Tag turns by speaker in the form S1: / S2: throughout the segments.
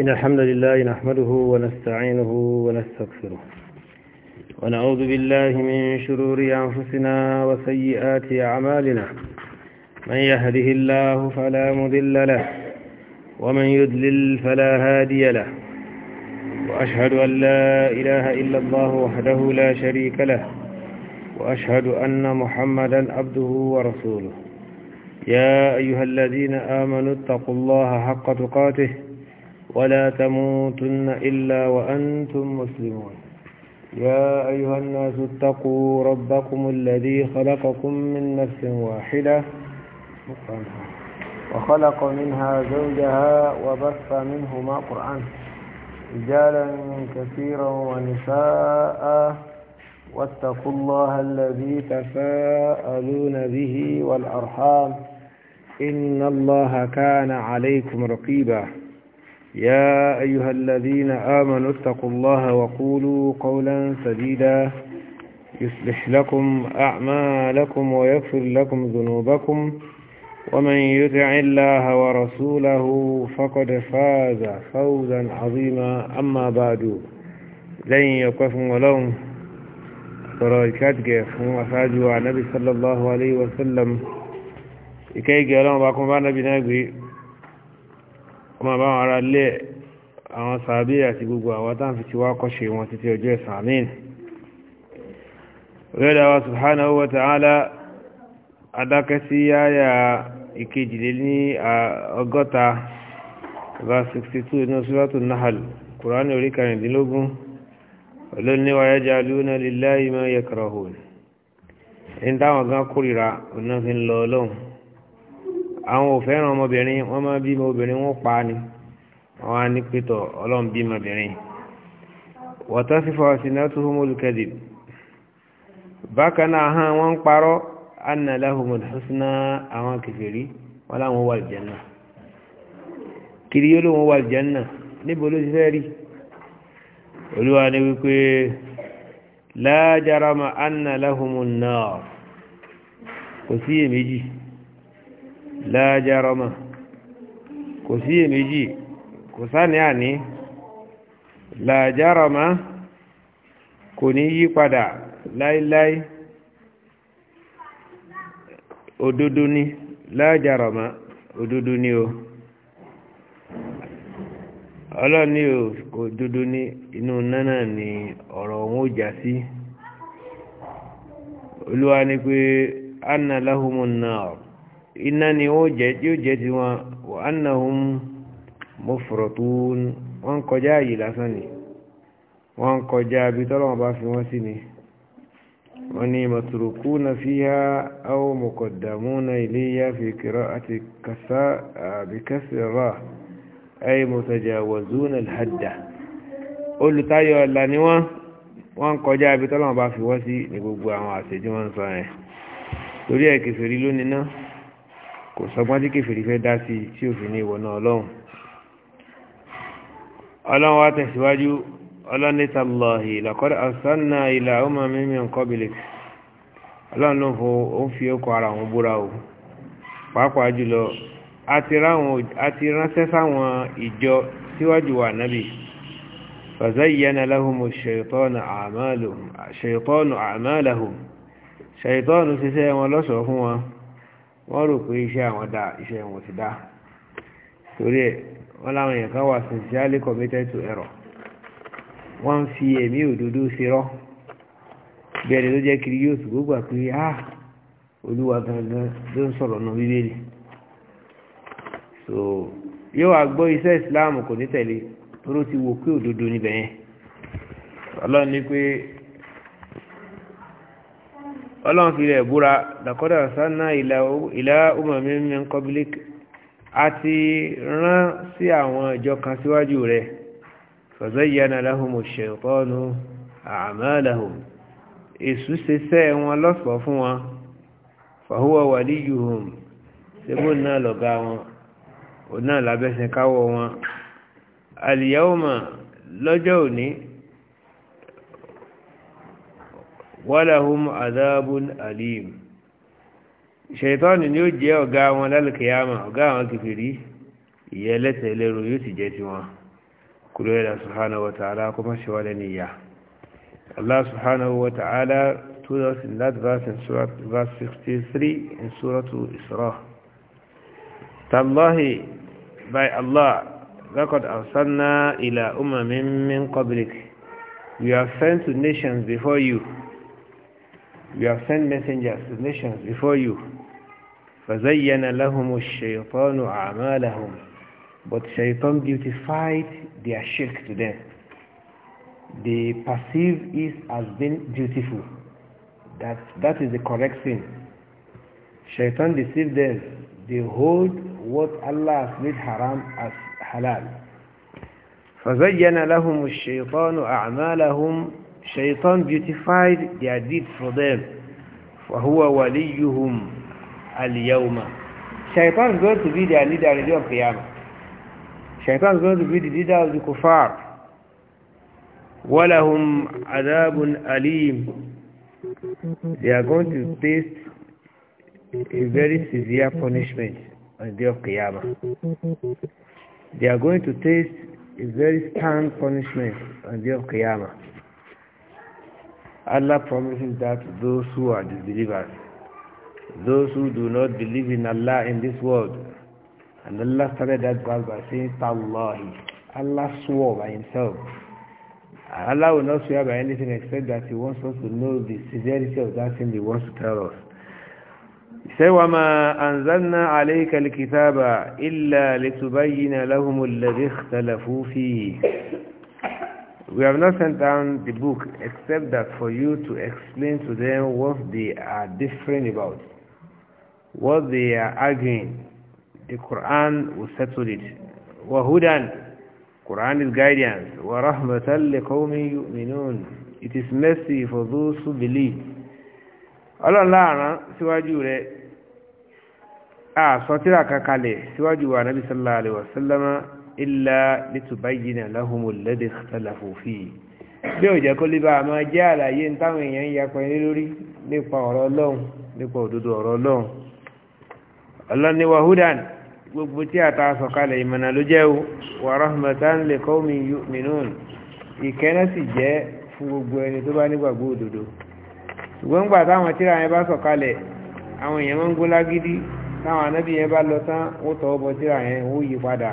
S1: إن الحمد لله نحمده ونستعينه ونستغفره ونعوذ بالله من شرور أنفسنا وسيئات أعمالنا من يهده الله فلا مذل له ومن يدلل فلا هادي له وأشهد أن لا إله إلا الله وحده لا شريك له وأشهد أن محمدا عبده ورسوله يا أيها الذين آمنوا اتقوا الله حق تقاته ولا تموتن إلا وأنتم مسلمون يا أيها الناس اتقوا ربكم الذي خلقكم من نفس واحدة وخلق منها زوجها وبث منهما قرآن رجالا كثيرا ونساء واتقوا الله الذي تساءلون به والأرحام إن الله كان عليكم رقيبا يا أيها الذين آمنوا اتقوا الله وقولوا قولا سديدا يصلح لكم أعمالكم ويغفر لكم ذنوبكم ومن يطع الله ورسوله فقد فاز فوزا عظيما أما بعد لن يقفوا لهم تراكات جفوا أفاجوا عن النبي صلى الله عليه وسلم إكي جاء لهم باكم بنا máa bá wọn ara lé àwọn sàábí àti gbogbo àwọn tán fi ti wá kọ́ṣe wọn títí ọjọ́ ẹ̀sàn àmín rẹ́dà wa subhanahu wa ta'ala adákẹ́ sí yáyà ìkejìlé ní ọgọ́ta verse 62 inú suratul nahal ní táwọn gan àwọn ò fẹ́ràn ọmọbìnrin wọ́n máa bímọ obìnrin wọ́n pa ni wọ́n á ní pétọ̀ ọlọ́run bímọ obìnrin wọ́tá sí fọ́ọ̀sìnà tó hómọ́lù kẹ́dì bákan náà hàn wọ́n ń parọ́ anna lahumul husna àwọn kèfèrí wọ́n láwọn wà aljanna la jarama kò sí èméjì kò sáni àní la jarama kò ní yí padà láíláí òdodo ni la jarama ni o ọlọ́ni kò dodo inú nánà ni ọ̀rọ̀ wọn ó já sí olúwa ni pé anna lahumun nar iná ni ó jẹ́ tí ó jẹ́ ti wọn wà annahum mufratun wọ́n kọjá yìí lásán ni wọ́n kọjá bí tọ́lọ́wọ́n bá fi wọ́n sí ni wọ́n ni matrukuna fiha aw muqaddamuna ilayya fi qira'ati kasa bi kasra ay mutajawazuna al-hadda olùtayọ̀ ọ̀la ni wọ́n wọ́n kọjá bí tọ́lọ́wọ́n bá fi wọ́n sí ni gbogbo àwọn àṣejù wọn sọ yẹn torí ẹ̀ lónìí náà kò sọgbọ́n tí kèfèrí fẹ́ dá sí tí ò fi ní ìwọ̀nà ọlọ́run ọlọ́run wá tẹ̀síwájú ọlọ́nìtàlọ́hì laqad arsalna ila umamin min qablik ọlọ́run ló ń fi ọkọ̀ ara wọn búra o pàápàá jùlọ wọ́n rò pé iṣẹ́ àwọn dá iṣẹ́ wọn ti dá torí ẹ̀ wọ́n láwọn èèyàn kan wà sincerely committed to wọ́n ń fi ẹ̀mí òdodo ṣe rọ́ bí ẹni tó jẹ́ kiri yóò ṣùgbọ́n gbà pé ah olúwa gangan ló ń so yóò wá gbọ́ iṣẹ́ ìsìláàmù kò ní tẹ̀lé ti wò pé òdodo níbẹ̀ yẹn ọlọ́run fi rẹ̀ búra dàkọ́dà sánà ìlà umamin min qablik àti rán sí àwọn ìjọ kan síwájú rẹ̀ fazayyana lahumu shaytanu a'malahum èṣù ṣe sẹ́ wọn lọ́sọ̀ fún wọn fahuwa waliyuhum sẹ́gbọ́n náà lọ̀gá wọn òun náà lábẹ́sẹ̀ káwọ́ wọn al yawma lọ́jọ́ òní wọ́láhùn azabun alim ṣètọ́nì ni ó jẹ́ ọ̀gá wọn lálùkìyàmà ọ̀gá àwọn kìfìrí ìyẹ́ lẹ́sẹ̀ lẹ́rù yóò sì jẹ́ ti wọn kúrò ẹ̀dà subhanahu wa ta'ala kó má ṣe wá lẹ́ni ìyá Allah subhanahu wa in that 63 in Surah to Isra Tallahi by Allah لقد أرسلنا إلى أمم من قبلك We have sent to nations before you We have sent messengers to nations before you. فَزَيَّنَ لَهُمُ الشَّيْطَانُ أَعْمَالَهُمْ But shaitan beautified their shirk to them. They perceive it as being beautiful. That, that is the correct thing. Shaitan deceived them. They hold what Allah has made haram as halal. فَزَيَّنَ لَهُمُ الشَّيْطَانُ أَعْمَالَهُمْ Shaitan beautified their deeds for them. فَهُوَ وَلِيُّهُمْ الْيَوْمَ Shaitan is going to be their leader in the day of Qiyamah. Shaitan is going to be the leader of the kuffar. وَلَهُمْ عَذَابٌ أَلِيمٌ They are going to taste a very severe punishment on the day of Qiyamah. They are going to taste a very stern punishment on the day of Qiyamah. Allah promises that those who are disbelievers, those who do not believe in Allah in this world, and Allah started that verse by saying, Tallahi. Allah swore by himself. Allah will not swear by anything except that he wants us to know the severity of that thing he wants to tell us. He said, وَمَا أَنزَلْنَا عَلَيْكَ الْكِتَابَ إِلَّا لِتُبَيِّنَ لَهُمُ الَّذِي اخْتَلَفُوا فِيهِ we have not sent down the book except that for you to explain to them what they are differing about, what they are arguing. The Quran will settle it. Wahudan, Quran is guidance. وَرَحْمَةً لِقَوْمٍ يُؤْمِنُونَ It is mercy for those who believe. Ọlọ́láàrán síwájú rẹ̀, a sọ tíra kankalẹ̀ síwájú wa Nabi sallallahu alaihi wasallam illa litubayyina lahum alladhi ikhtalafu fihi bí ò jẹ́ kó lè bá a máa jẹ́ àlàyé ní táwọn èèyàn ń yapa ilé lórí nípa ọ̀rọ̀ ọlọ́run nípa òdodo ọ̀rọ̀ ọlọ́run ọlọ́run ni wahudan gbogbo tí a ta sọ̀kalẹ̀ ìmọ̀nà ló jẹ́ o wa rahmatan li qawmin yu'minun ìkẹ́nà sì jẹ́ fún gbogbo ẹni tó bá nígbàgbọ́ òdodo ṣùgbọ́n gbà táwọn tíra yẹn bá sọ̀kalẹ̀ àwọn èèyàn máa ń gbó lágídí táwọn anábì bá lọ tán ó tọ́ bọ tíra yẹn ó yí padà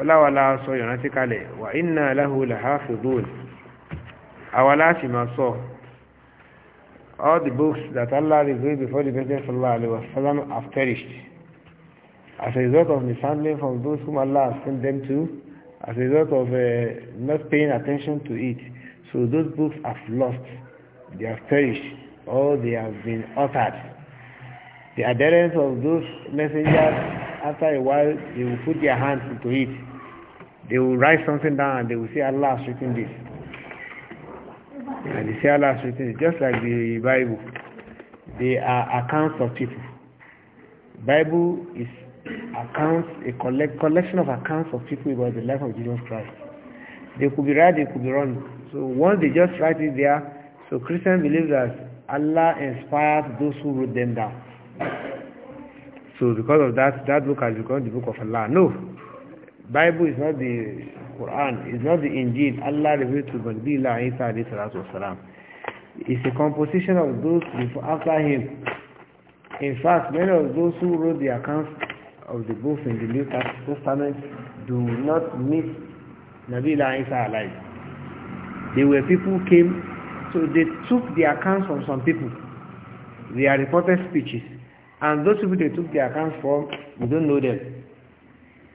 S1: ọláwàlá sọ ìrántí kalẹ̀ wà inna lahu lahafidun àwàlá sì máa sọ all the books that Allah revealed before the Prophet sallallahu alayhi wa sallam have perished as a result of mishandling from those whom Allah has sent them to as a result of uh, not paying attention to it so those books have lost they have perished or they have been altered. The adherence of those messengers, after a while, they will put their hands into it. They will write something down and they will say, Allah has written this.
S2: And they say
S1: Allah has written it, just like the Bible. They are accounts of people. Bible is accounts, a collect, collection of accounts of people about the life of Jesus Christ. They could be right, they could be wrong. So once they just write it there, so Christian believes that Allah inspired those who wrote them down. So because of that, that book has become the book of Allah. No. Bible is not the Quran, it's not the Injil. Allah revealed to Nabiullah Isa alayhi It's a composition of those before, after him. In fact, many of those who wrote the accounts of the books in the New Testament do not meet Nabi Isa alive. They were people who came, so they took the accounts from some people. They are reported speeches And those people they took their accounts from, we don't know them.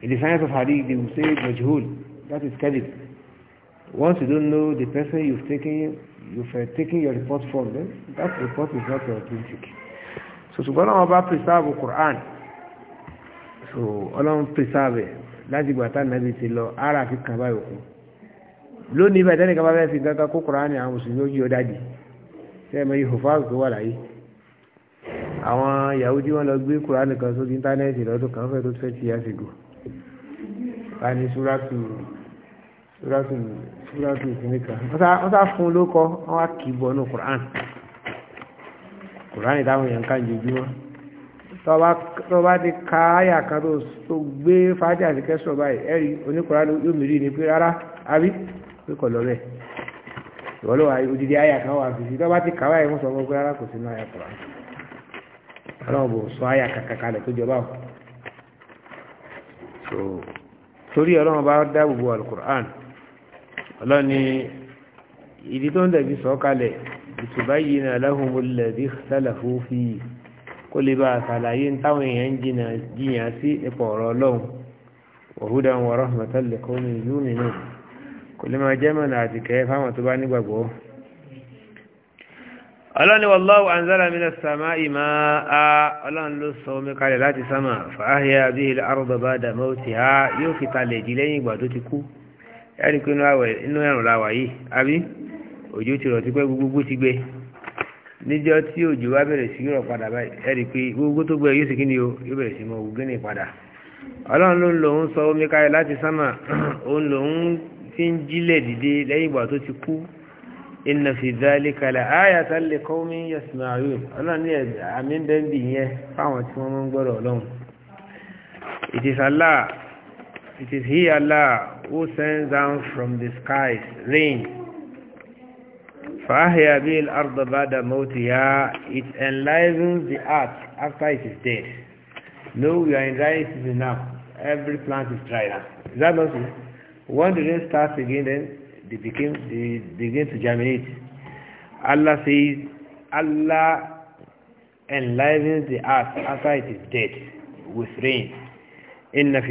S1: In the science of hadith, they will say majhul. That is kadib. Once you don't know the person you've taken, you've uh, taken your report from them, that report is not authentic. So subhanahu wa ta'ala preserve the Quran. So Ọlọ́run preserve láti ìgbà tá nàbí ti lọ ara fi kàn báyìí kú. Lónìí bàtẹ́nìkan bá fẹ́ fi gángan kó Quran àwọn mùsùlùmí ó yí ọ dájì. Sẹ́yìn mọ́ ihò fáwọn tó wà láyé àwọn Yahudi wọ́n lọ gbé kùránì kan sórí íńtánẹ́ẹ̀tì lọ́dún kan fẹ́ tó twenty years ago wọ́n ní súrátù súrátù súrátù ìsinmi kan wọ́n sá fún un lókọ́ wọ́n wá kì í bọ̀ nù kùránì kùránì táwọn èèyàn kàn jojúmọ́ tó bá ti ka àyà kan tó gbé fàájì àti kẹsàn báyìí ẹ̀rí oníkùránì yóò mìírí ni pé rárá àbí pé kọ̀ lọ rẹ̀ ìwọ́lọ́wà odidi àyà kan wà fi sí tó bá ti kàwáyé sọ fún pé rárá kò sínú àyà kùránì ọlọ́run bò sọ àyà kàkàkalẹ̀ tó jọba o torí ọlọ́run bá dáàbò bo alukur'an ọlọ́run ni ìdí tó ń dẹ̀bi sọ kalẹ̀ litubayyina lahum alladhi ikhtalafu fi kó lè bá a ṣàlàyé táwọn èèyàn jìnnà jìyàn sí ipò ọ̀rọ̀ ọlọ́run wa hudan wa rahmatan liqawmin yu'minun kò lè máa jẹ́ mọ̀nà àtìkẹ́ fáwọn tó bá nígbàgbọ́ ọlọ́ni wàlláhu anzala mina sama'i ma'a ọlọ́run ló sọ omi kalẹ̀ láti sámà fàáhíà bí ilẹ̀ arọ́bà bá dàmọ́ ti ha yóò fi talẹ̀ jì lẹ́yìn ìgbà ti kú ẹni pé inú ẹ̀rùn la wà yìí àbí òjò ti rọ̀ tipẹ́ gbogbo ti gbẹ níjọ́ tí òjò wá bẹ̀rẹ̀ sí rọ̀ padà ẹni pé tó yóò sì kíni o yóò bẹ̀rẹ̀ sí mọ padà ọlọ́run ló ń inna fi dhalika la ayatan li qaumin yasma'un ọlọ́run ní àmì ń bẹ́ẹ̀ bì yẹn fáwọn tí wọ́n máa ń it is Allah it is he Allah who sends down from the skies rain فأحيا به الأرض بعد موتها it enlivens the earth after it is dead no we are in dry season now every plant is dry now is that not it when the rain starts again then they became they begin to germinate. Allah says Allah enlivens the earth after it is dead with rain. In that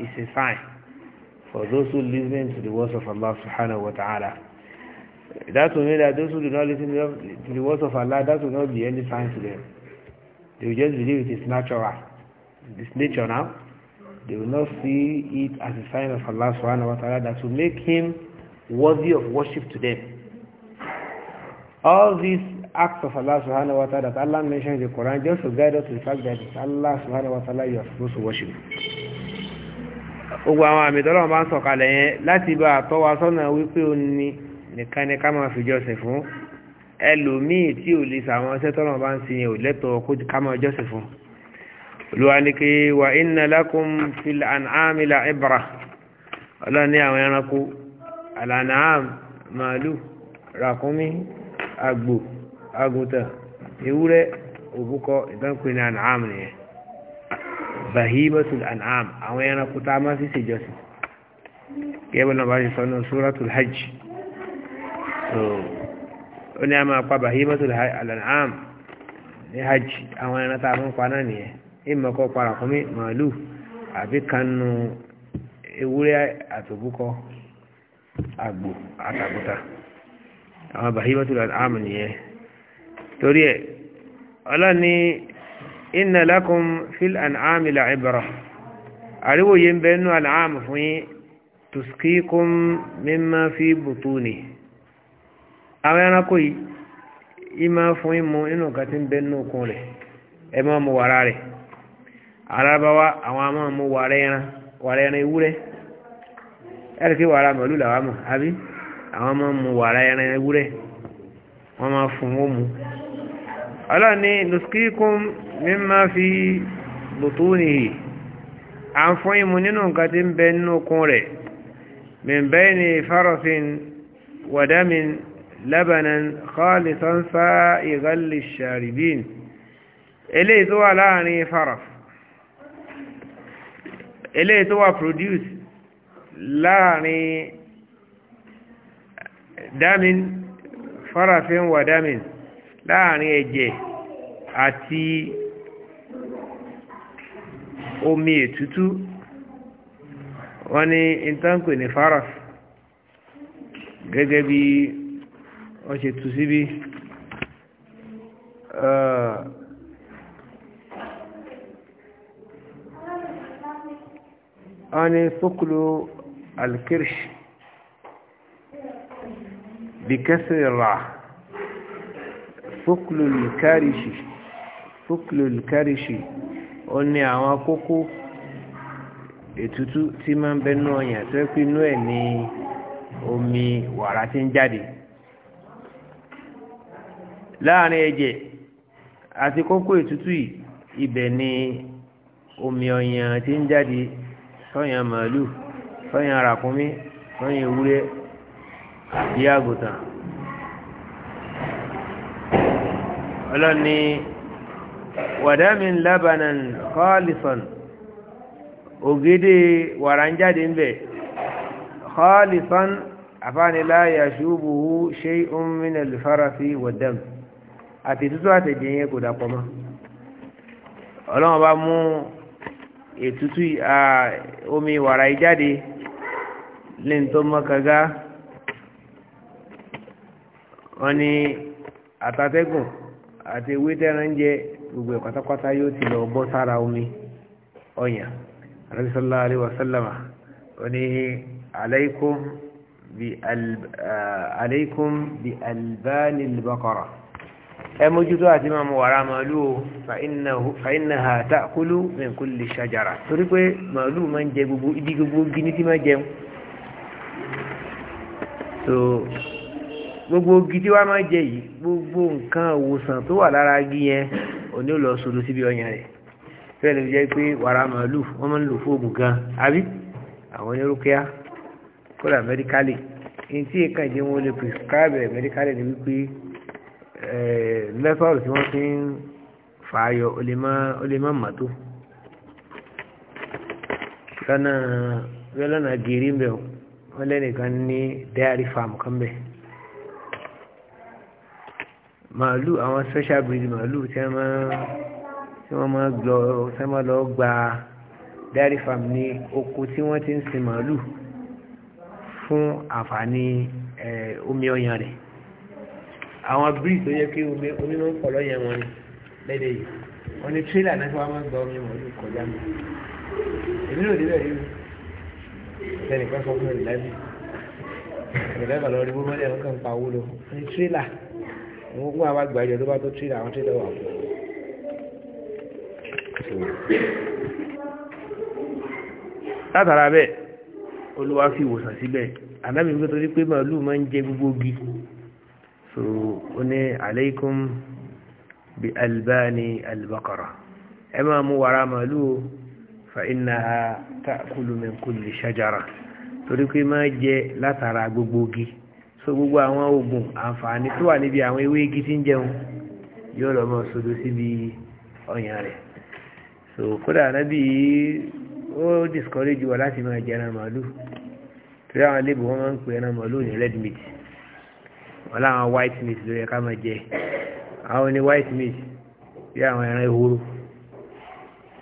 S1: is a sign for those who listen to the words of Allah subhanahu wa ta'ala. That will mean that those who do not listen to the words of Allah, that will not be any sign to them. They will just believe it is natural. It's nature now. they will not see it as a sign of Allah subhanahu wa ta'ala that will make him worthy of worship to them. All these acts of Allah subhanahu wa ta'ala that Allah mentioned in the Quran just to guide us to the fact that it's Allah subhanahu wa ta'ala you are supposed to worship. Ogun àwọn àmì tọ́lọ́wọ́n bá ń sọ̀kalẹ̀ yẹn láti bá àtọ́wà sọ́nà wípé ó ní nìkan ni ká máa fi jọ́sìn fún ẹlòmíì tí ò lè sàwọn ṣẹ́tọ́lọ́wọ́n bá ń sin ò lẹ́tọ̀ọ́ kó ká máa jọ́sìn fún olùwàníkì wà inna lakum fil an'ami la ibra ọlọ́ni àwọn ẹranko alanaam màálù ràkúnmí àgbò àgùntàn ewúrẹ́ òbúkọ ìdánkùn ní an'am nìyẹn bahimatul an'am àwọn ẹranko tá a máa fi ṣèjọsìn gẹ́gẹ́ náà bá ṣe sọ náà suratul hajj ó ní a máa pa bahimatul an'am ní hajj àwọn ẹran tá a máa pa náà nìyẹn ìmọ̀ kọ́ para fún mi màálù àbí kanu ewúrẹ́ àtòbúkọ àgbò àtàbùtà àwọn bahimatul an'am nìyẹn torí ẹ̀ ọlọ́ni inna lakum fil an'ami la'ibra àríwòye ń bẹ nú an'am fún yín tuskikum mimma fi butuni àwọn ẹranko yìí ìmọ̀ fún yín mu inú nǹkan tí ń bẹ nú okun rẹ̀ mu wàrà rẹ̀ arábáwá àwọn a máa mú wàrà ẹran wàrà ẹran ewúrẹ́ ẹ̀rì kí wàrà màálù làwọn mọ̀ àbí àwọn máa mú wàrà ẹran ewúrẹ́ wọ́n máa fún wọn mú ọlọ́ni nuskíkún mímá fi butunihi à ń fún ìmú nínú nǹkan tí ń bẹ nínú okun rẹ̀ mẹ́bẹ́ ni farafin wadamin labanan khalisan sa'igal lisharibin eléyìí tó wà láàrin farafin eléyìí tó wà produce láàrin damin farafin wa damin láàrin ẹ̀jẹ̀ àti omi ètútú wọ́n ní intanko ní faraf gẹ́gẹ́ bí wọ́n ṣe tú síbí uh, أنا ثقل الكرش بكسر الراء ثقل الكارش ثقل الكارش ó ní àwọn kókó ètútú tí máa ń bẹnu ọyàn tó pé inú ẹ̀ ní omi wàrà tí ń jáde láàrin ẹ̀jẹ̀ àti kókó ètútú yìí ibẹ̀ omi ọyàn tí ń jáde sọ́yàn màálù sọ́yàn ràkúnmí sọ́yàn ewúrẹ́ àti àgùntàn ọlọ́ni wàdámin labanan kọ́ọ̀lìsọ̀n ògidì wàràǹjáde ń bẹ̀ kọ́ọ̀lìsọ̀n afánilá yàṣùbùhù ṣe ìhùnmínà lùfárasí wọ̀dẹ́m àti tútù àtẹ̀jẹ̀ yẹn kò dàpọ̀ mọ́ ọlọ́run bá mú ètútù omi wàrà ìjáde lè ń tó mọ́kàgá wọ́n ní àtàtẹ́gùn àti ewé tẹ́ran jẹ gbogbo ẹ̀ pátápátá yóò ti lọ bọ́ sára omi ọ̀yàn Ànábì sallallahu alaihi wasallama wọ́n ní alaykum bi albaani ẹ mójútó àti máa mu wàrà màálù o fa innaha ta'kulu min kulli shajara torí pé màálù máa ń jẹ gbogbo ibi gbogbo gíní tí máa jẹun so gbogbo igi tí wàá máa jẹ yìí gbogbo nǹkan òwòsàn tó wà lára igi yẹn òní ò lọ sọdọ síbi ọyàn rẹ fẹ́ẹ̀ lè jẹ́ pé wàrà màálù wọ́n máa ń lò fóògùn gan àbí àwọn onírúkẹ́á kódà mẹ́díkálì ní tí wọn lè prescribe mẹ́díkálì ni wípé Eh, lẹ́fọ́ọ̀lù tí wọ́n fi ń fààyọ ó lè má màtó lọ́nà lọ́nà gírí mbẹ̀ wọ́n lẹ́nìkan ní dairy farm kan bẹ̀ màálù àwọn special breed màálù tí wọ́n máa gbọ́ tí wọ́n máa lọ gba dairy farm ní oko tí wọ́n ti ń sin màálù fún àǹfààní eh, omi ọyàn rẹ̀ àwọn bíríì tó yẹ kí onímọ̀ ń pọ̀ lọ́yẹ̀ wọn ni lẹ́dẹ̀ yìí wọ́n ní tírélà náà wọ́n máa ń gba omi mọ̀ọ́lù kọjá mi èmi náà débẹ̀ rí ẹnì kan sọ fún ìlẹ́bí ìlẹ́bà lọ rí bó mọ́lẹ̀ wọn kàn pa owó lọ ní tírélà wọn kún àwọn àgbàjọ tó bá tó tírélà àwọn tírélà wà fún látara bẹ́ẹ̀ olúwa fi ìwòsàn síbẹ̀ àdábìbí tó torí pé màálù máa ń jẹ gbogbo gi so ó ní aleikum bi albani albakara ẹ máa mú wàrà màálù fa innaha ta'kulu min kulli shajara torí pé máa jẹ látara gbogbo igi so gbogbo àwọn oògùn àǹfààní tó wà níbi àwọn ewé igi tí ń jẹun yóò lọ mọ sodo síbi ọyàn rẹ̀ so kódà nábì ó discourage wa láti máa jẹ ẹran màálù torí àwọn lébù wọn máa ń pè ẹran màálù ní red meat wọ́n láwọn white meat ló yẹ ká máa jẹ àwọn ni white meat bí àwọn ẹran ehoro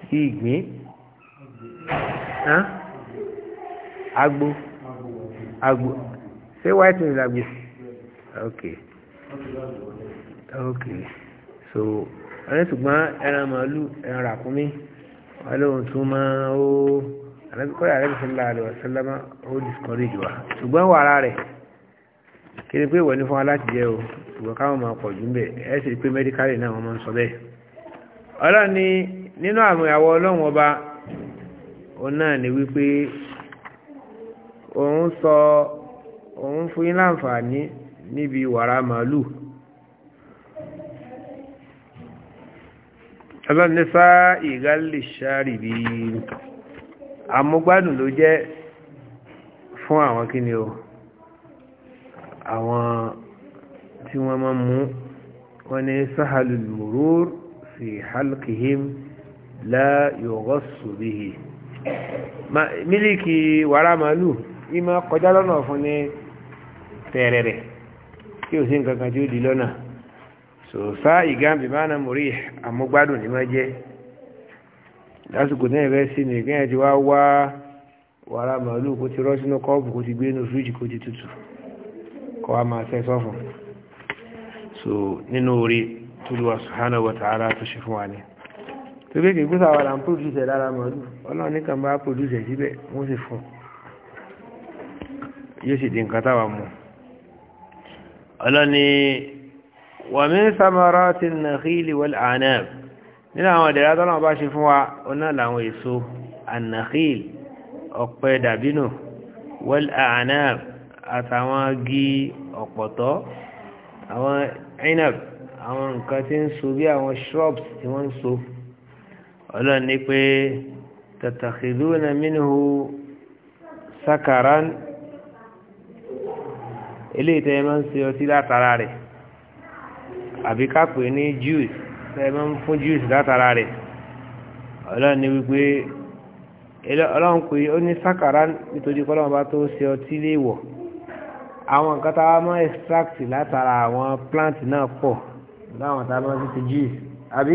S1: bí ìgbín agbo agbo ṣé white meat làgbé ok ok so ẹran ṣùgbọ́n ẹran màálù ẹran ràkúnmí wọ́n lóhun tún máa ó àlẹ́bíkọ́ àlẹ́bíṣẹ́lá àlẹ́wọ̀sẹ́lá ó discourage wa ṣùgbọ́n wàrà rẹ̀ kí pé ìwọ ní fún wa láti jẹ́ o ìwọ káwọn máa pọ̀ jù ń bẹ̀ ẹ sì pé mẹ́díkálì náà wọ́n máa ń sọ bẹ́ẹ̀ ọlọ́run ni nínú àmì àwọ ọlọ́run ọba òun náà ni wípé òun sọ òun fún yín láǹfààní níbi wàrà màálù ọlọ́run ní sá ìgálè ṣáàrìbí àmúgbádùn ló jẹ́ fún àwọn kíni o àwọn tí wọ́n máa mú wọ́n ní sahalul murur fi halkihim la yughassu bihi mílíkì wàrà màálù ìmọ̀ kọjá lọ́nà fún ní tẹ̀rẹ̀rẹ̀ tí ò sí nǹkan kan tí ó di lọ́nà sòsá ìgáǹbì máa na mọ̀rí àmúgbádùn ní máa jẹ́ lásìkò náà sí ní ìgbìyànjú wá wá wàrà màálù kó ti rọ́ sínú kọ́ọ̀bù kó ti gbé inú fíríjì kó ti tutù kọ́ a máa tẹ́ sọ́fún so nínú orí tólúwa subhanahu wa ta'ala tó ṣe fún wa ní tó kéèké gbúsà wà láàrín pòdúsẹ̀ lára màálù ọlọ́run ní kàn bá pòdúsẹ̀ síbẹ̀ wọ́n sì fún yóò sì di nǹkan táwa mú ọlọ́ni wa min samaratin nakhili wal anab nínú àwọn ìdẹ̀rẹ́ tọ́lọ́wọ́ bá ṣe fún wa ọ̀nà làwọn èso an-nakhil ọ̀pẹ dàbínú wal anab àtàwọn agi ọ̀pọ̀tọ́ àwọn inab àwọn nǹkan tí ń so bí àwọn shrubs tí wọ́n ń so
S2: ọlọ́run ní pé
S1: tatakhiduna minhu sakaran eléyìí tẹ́ ẹ máa ń ṣe ọtí látara rẹ̀ àbí ká pè ní juice tẹ́ ẹ máa ń fún juice látara rẹ̀ ọlọ́run ní wípé ọlọ́run pé ó ní sakaran nítorí kọ́lọ́run bá tó ṣe ọtí léèwọ̀ àwọn nǹkan tá a máa extract látara àwọn plant náà pọ̀ láwọn tá a máa fi ti juice àbí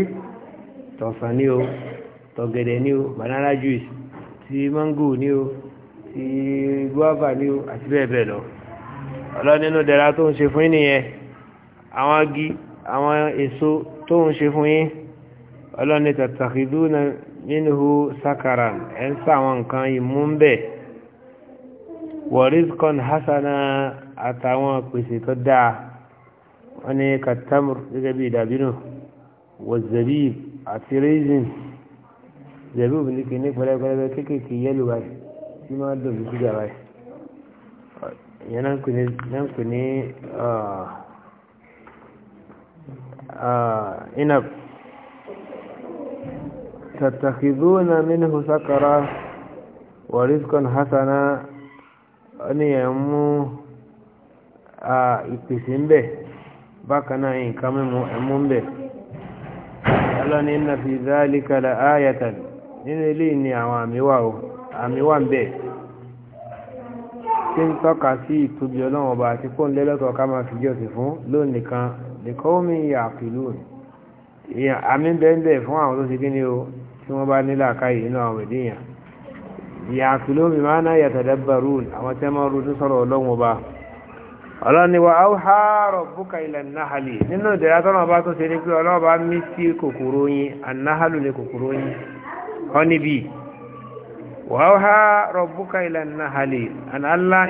S1: tọ̀sán ni o tọ̀gẹ̀dẹ̀ ni o banana juice ti mango ni o ti guava ni o àti bẹ́ẹ̀ bẹ́ẹ̀ lọ ọlọ́ nínú dẹ̀ra tó ń ṣe fún nìyẹn àwọn agi àwọn èso tó ń ṣe fún yín ọlọ́ni tàtàkìdú nínú sakaran ẹ̀ ń sàwọn nǹkan ìmú ń bẹ́ẹ̀ wọ̀rískan hasana àtàwọn pèsè tó dáa wọ́n ní katamur gẹ́gẹ́ bí ìdàbínú wọ̀zẹ̀bí àti raisin zẹ̀bí òbílí kìíní pẹ̀lẹ́pẹ̀lẹ́ kéékèèké yẹ́lò báyìí tí máa dùn bí síjà báyìí ìyẹn náà ń pè ní ah, ah, inab tattakhiduna minhu sakara wa hasana ní ẹ̀ ń mú ìpèsè ń bẹ̀ bákan náà nǹkan mímu ẹ̀ mú ń bẹ̀ ọlọ́ni inna fi dhalika la ayatan nínú ilé ni àwọn àmì wà ń bẹ̀ tí ń tọ́ka sí ìtóbi ọlọ́run ọba àti fóun lẹ́lọ́tọ̀ ká máa fi jọ́sìn fún lónìí nìkan omi àpìlú àmì yàkùlú mìmánà yàtàdàbàrún àwọn tẹ́ máa rújú sọ̀rọ̀ ọlọ́run ọba ọlọ́ni wa áwùhá rọ̀bùkà ilẹ̀ náhàlì nínú ìdẹ̀rẹ́ atọ́nà ọba tó ṣe ní pé ọlọ́ọ̀bá mí sí kòkòrò yín ànáhàlù ní kòkòrò yín honeybee wa áwùhá rọ̀bùkà ilẹ̀ náhàlì and Allah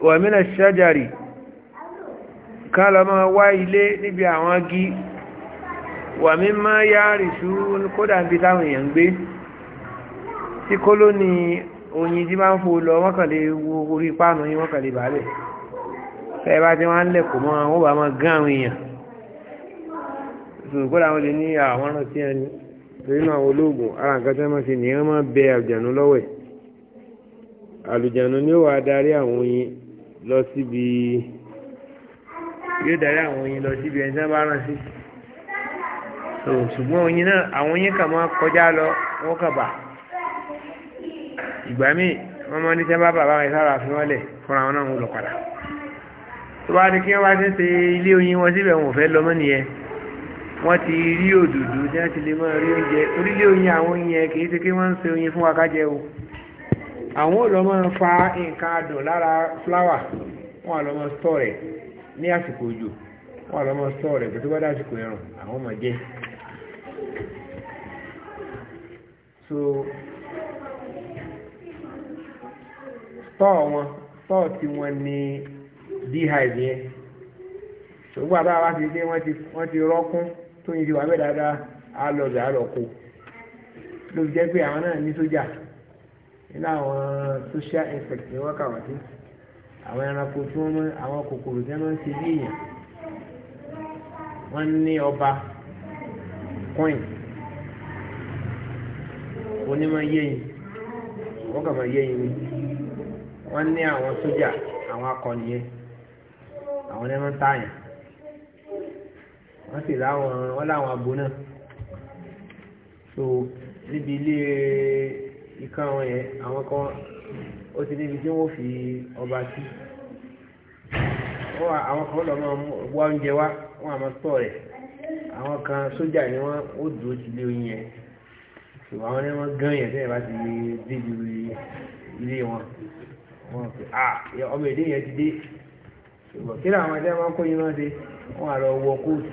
S1: wàmínà ṣájàrì ká lọ máa wá ilé níbi àwọn agi wàmí máa yá rìṣú kódà níbi táwọn èèyàn ń gbé tí kó ló ní oyin tí máa ń fò lọ wọ́n kàn lè wo orí páànù yín wọ́n kàn lè bàálẹ̀ ẹ bá ti wọ́n lẹ̀kọ̀ mọ́ àwọn bá máa gán àwọn èèyàn ṣùgbọ́n àwọn lè ní àwọn ọ̀rọ̀ tí ẹni torí náà àwọn olóògùn ara nǹkan tí wọ́n máa ṣe nìyẹn máa bẹ àlùjànú lọ́wẹ̀ àlùjànú ni ó wà darí àwọn oyin lọ síbi yóò darí àwọn oyin lọ síbi ẹni tí wọ́n bá rán sí so ṣùgbọ́n oyin náà àwọn oyin kàn máa kọjá lọ wọ́n kàn bà ìgbà míì wọ́n máa ní tí wọ́n bá bàbá wọn sára fi wọ́n lẹ̀ fúnra wọn náà ń lọ padà tó bá ní kí wọ́n bá ti ń ṣe ilé oyin wọn síbẹ̀ wọn ò fẹ́ lọ mọ́ nìyẹn wọ́n ti rí òdòdó tí wọ́n ti lè máa rí oúnjẹ orílẹ̀ oyin àwọn oyin yẹn kì í ṣe kí wọ́n ń ṣe oyin fún wa ká jẹ o àwọn olọ́mọ fa nǹkan adùn lára fúláwà wọn àlọ́mọ stọ́ rẹ̀ ní àsìkò òjò wọn àlọ́mọ stọ́ rẹ̀ pẹ̀tọ́ bá dásìkò ẹ̀rùn àwọn ọmọ jẹ́ so stọ́ wọn stọ́ tí wọ́n ní beehive yẹn ṣùgbọ́n àbá wa ti dé wọ́n ti rọ́kún tó yin ti wà bẹ́ẹ̀ dáadáa á lọ bẹ̀ á lọ kó lóbi jẹ́ pé àwọn náà ní sójà. So, nínú àwọn social insect ni wọ́n kà wá sí àwọn ẹranko tí wọ́n àwọn kòkòrò tí wọ́n ti bí èèyàn wọ́n ní ọba coin onímọ̀ yẹ́yìn wọ́n kà mọ̀ ni wọ́n ní àwọn sójà àwọn akọni yẹn àwọn ẹni máa ń tààyàn wọ́n sì láwọn wọ́n láwọn abo náà so níbi ilé ìkan àwọn yẹn àwọn kan ó ti débi tí wọ́n fi ọba sí àwọn kan lọ máa wá oúnjẹ wá wọ́n àmọ́ tọ̀ rẹ̀ àwọn kan sójà ni wọ́n ó dúró ti lé oyin yẹn ṣùgbọ́n àwọn ni wọ́n gán yẹn sẹ́yìn bá ti débi ilé wọn wọ́n pè á ọmọ èdè yẹn ti dé ṣùgbọ́n kí làwọn ẹ̀dá máa ń kó yín náà dé wọ́n àlọ́ wọ kóòtù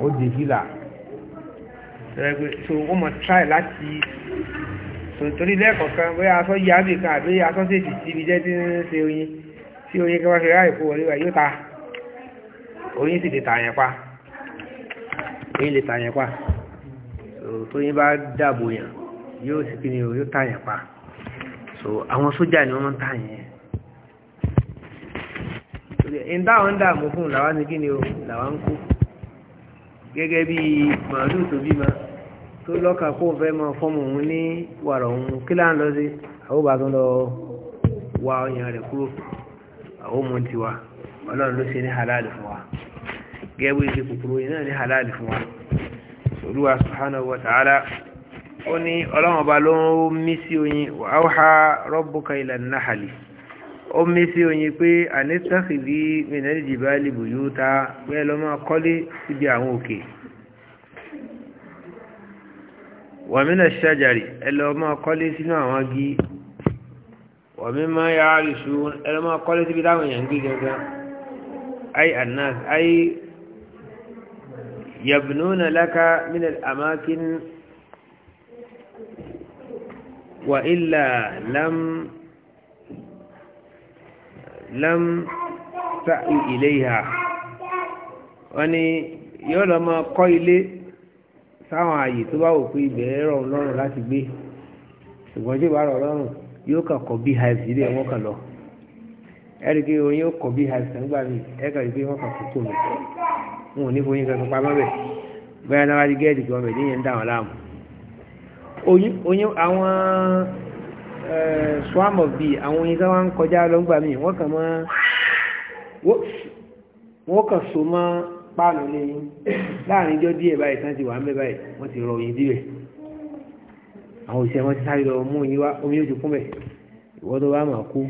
S1: ó dè kí ṣe é pé so wọ́n mọ̀ tíráì láti torí lẹ́ẹ̀kọ̀ọ̀kan bóyá aṣọ yí ábì kan àbí aṣọ sèdì sí ibi jẹ́ tí ń ṣe oyin tí oyin kí wọ́n ṣe ráàyè kó wọlé wa yóò ta oyin sì lè tà yẹn pa oyin lè tà yẹn pa tóyin bá dàbò yàn yóò sì kí ni so àwọn sójà ni wọ́n máa ń tà yẹn ń dáwọn ń dààmú fún làwọn ní kí ni o làwọn ń tó lọ́kà kó fẹ́ mọ fọ́mù òun ní wàrà òun kí láà ń lọ sí àwọn bá lọ wa ọyàn rẹ̀ kúrò àwọn ọmọ tiwa ọlọ́run ló ṣe ní halali fún wa gẹ́gbẹ́ ìṣe kòkòrò yìí náà ní halali fún wa olúwa subhanahu wa ta'ala ó ní ọlọ́run ọba ló ń mí sí oyin wàhálà rabbuka ila nahali ó mí sí oyin pé ànítàkìlì mìnàlì jìbá lè bùyú ta pé ẹ lọ máa kọ́lé síbi àwọn òkè. ومن الشجر ما قلت ما وقي ومما يعرشون اللهم قلت بدعوة ينقل أي الناس أي يبنون لك من الأماكن وإلا لم لم تأي إليها وني يولما قلت sáwọn ààyè tó bá wò pé ibẹ̀ rọ̀ lọ́rùn láti gbé ṣùgbọ́n tí ìbá rọ̀ lọ́rùn yóò kàn kọ́ bí hives ilé wọn kàn lọ ẹ̀rí pé oyin yóò kọ́ bí hives nígbà míì ẹ̀ kàn rí pé wọ́n kàn kó kò mí wọn ò ní fún oyin kankan pamọ́ bẹ̀ bẹ́ẹ̀ náà wá di gẹ́ẹ̀dì kan bẹ̀ níyẹn ń dà wọ́n láàmú àwọn swarm of àwọn oyin sáwọn ń kọjá lọ́ngbà míì wọ́n kàn mọ́ wọ́n kàn so mọ́ páànù lé yín láàrin ijọ́ díẹ̀ báyìí tán ti wà ń bẹ́ báyìí wọ́n ti rọ oyin díẹ̀ àwọn òṣìṣẹ́ wọn ti sáré lọ mú oyin wá omi yóò ti kún bẹ̀ ìwọ́n tó bá mà kú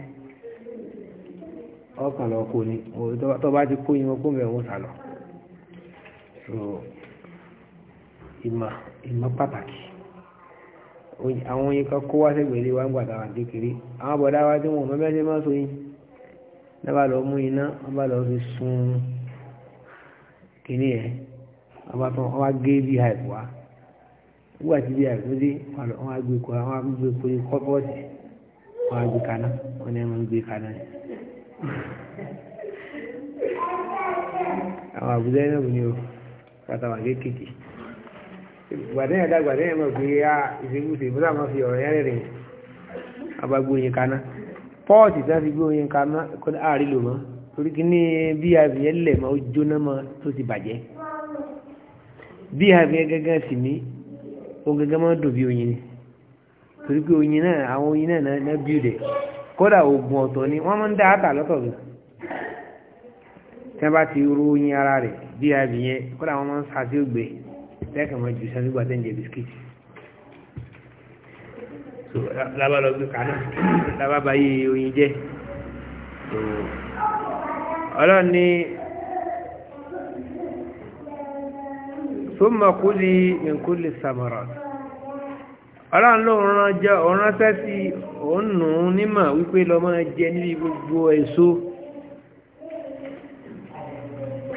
S1: ọkàn lọ kó ni tó bá ti kó yín wọn kún bẹ̀ wọn sà lọ. ìmọ̀ ìmọ̀ pàtàkì àwọn oyin kan kó wá sẹ́gbẹ̀ẹ́lé wa ń gbàdá wà kékeré àwọn bọ̀dá wa tí wọn ò mọ bẹ́ẹ̀ ṣe máa so yín náà bá lọ mú iná wọn bá lọ fi sun kìíní yẹn wọ́n bá tọ́ wọ́n gé bí wa wúwà tí bí àìkú dé wọ́n á gbé kó wọ́n á gbé kó ní kọ́pọ́ọ̀tì wọ́n kana gbé kaná wọ́n ní ẹ̀ máa gbé kaná àwọn o pátáwà kéékèèké gbàdéyà dá gbàdéyà mọ̀ pé a ìṣègùsè bọ́dà máa fi ọ̀rọ̀ yẹn rìn abagbo yẹn kaná pọ́ọ̀tì tí torí kí ní bí abìyẹn lẹ̀ máa ó jóná mọ́ tó ti bàjẹ́ bí abìyẹn gángan sì ní ó gángan máa dùn bí oyin ni torí pé oyin náà àwọn oyin náà náà bí ó dẹ̀ kódà oògùn ọ̀tọ̀ ni wọ́n máa ń dá àtà lọ́tọ̀ gan tí wọ́n bá ti ru oyin ara rẹ̀ bí abìyẹn kódà wọ́n máa ń sa sí ògbé lẹ́ẹ̀kan máa jù sẹ́nu gbà tẹ́ǹjẹ̀ bisikíìtì lábàlọ́gbé kaná lábàbáyé oyin jẹ́ ọlọ́ni súnmọ̀ kú lè nkú lè sàmọ̀rọ̀ ọlọ́run ló ránjẹ́ ọ̀ránṣẹ́ sí òǹnù nímọ̀ wípé lọ́mọ jẹ níbi gbogbo èso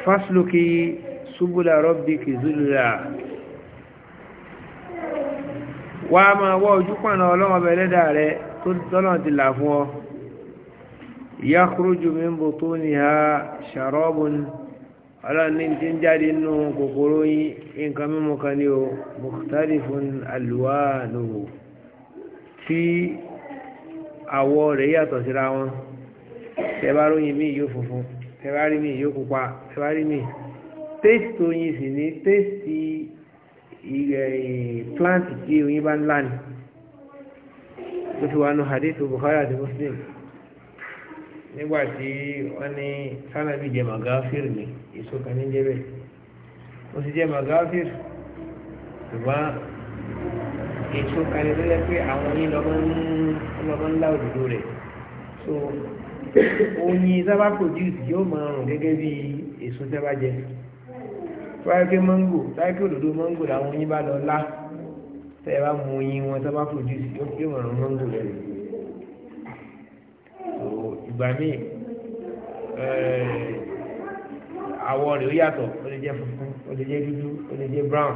S1: fásilókè ṣubúlà rọ́bì kìzúlùlà wàá máa wọ́ ojú pàna ọlọ́mọbẹ̀lẹ́dà rẹ tó tọ́lọ́ ti là fún ọ yakhruju min butuniha sharabun ọlọ́ni tí ń jáde nínú kòkòrò yìí nǹkan mímu kan ní o mukhtalifun alwanuhu tí àwọ̀ rẹ̀ yàtọ̀ síra wọn tẹ́bá róyìn míì yóò funfun tẹ́bá rí míì yóò pupa tẹ́bá rí míì tẹ́sítì oyin sì ní tẹ́sítì plant tí oyin bá ń lá ni ó ti Bukhari àti Muslim nígbà tí wọ́n ní sanabi jẹ magafir ni èso kan ní jẹ́bẹ̀ mo sì jẹ magafir ṣùgbọ́n èso kan ní lọ́lẹ́ pé àwọn yìí lọ́mọ ńlá òdòdó rẹ̀ so oyin sábà produce yóò máa rùn gẹ́gẹ́ bí èso tẹ́ bá jẹ fáyọ́kẹ́ mango fáyọ́kẹ́ òdòdó mango làwọn oyin bá lọ lá tẹ́ bá mu oyin wọn sábà produce yóò máa rùn mango lẹ́nu ìgbà míì
S2: eh, àwọ̀ rẹ̀ ó yàtọ̀ ó lè jẹ́ funfun
S1: ó lè jẹ́ dúdú ó lè jẹ́ brown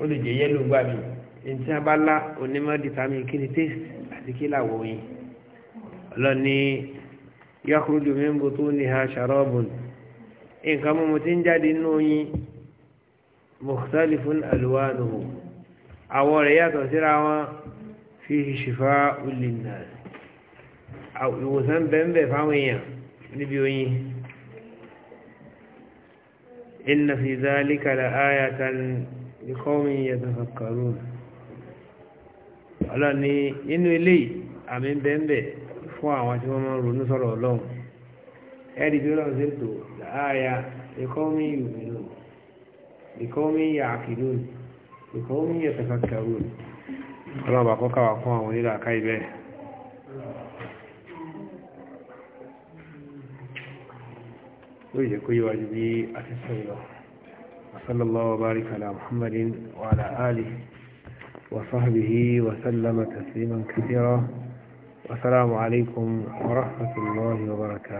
S1: ó lè jẹ́ yẹ́lò gbà mí ntí a bá lá onímọ̀ dìtàmì kí ni taste àti kí làwọ̀ yìí lọ́ni yakhruju min butuniha sharabun nǹkan mímu tí ń jáde nínú oyin mukhtalifun alwanuhu àwọ̀ rẹ̀ yàtọ̀ síra wọn fi shifa'un linnas ìwòsàn bẹ́ẹ̀ fáwọn èèyàn níbi oyin inna fi zalika la ayatan li qawmin yatafakkarun ọlọ́run ní nínú eléyìí àmì bẹ́ẹ̀ fún àwọn tí wọ́n máa ń ronú sọ̀rọ̀ ọlọ́run ẹ̀rí bí ọlọ́run ṣe tò la aya fún àwọn onílà ká yóò وصلى الله وبارك على محمد وعلى آله وصحبه وسلم تسليما كثيرا والسلام عليكم ورحمة الله وبركاته